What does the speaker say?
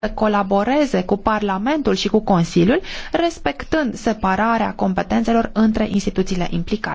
să colaboreze cu Parlamentul și cu Consiliul, respectând separarea competențelor între instituțiile implicate.